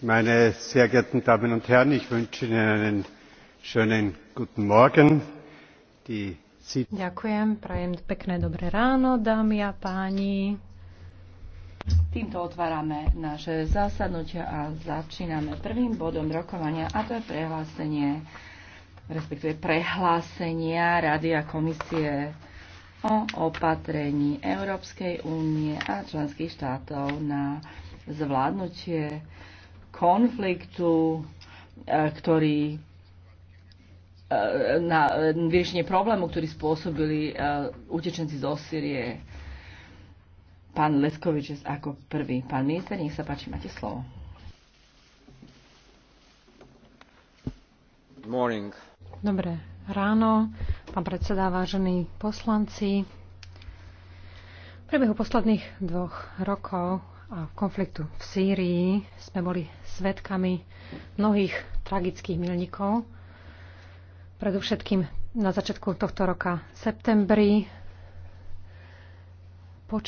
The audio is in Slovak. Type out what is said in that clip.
meine sehr geehrten Damen und Herren, ich wünsche Ihnen einen schönen guten Morgen. Ďakujem, prajem pekné dobré ráno, dámy a páni. Týmto otvárame naše zasadnutie a začíname prvým bodom rokovania a to je prehlásenie, respektíve prehlásenia Rady a komisie o opatrení Európskej únie a členských štátov na zvládnutie konfliktu, e, ktorý e, na e, riešenie problému, ktorý spôsobili utečenci zo Syrie. Pán Leskovič ako prvý. Pán minister, nech sa páči, máte slovo. Morning. Dobré ráno, pán predseda, vážení poslanci. V priebehu posledných dvoch rokov a konfliktu v Sýrii sme boli svetkami mnohých tragických milníkov. Predovšetkým na začiatku tohto roka septembri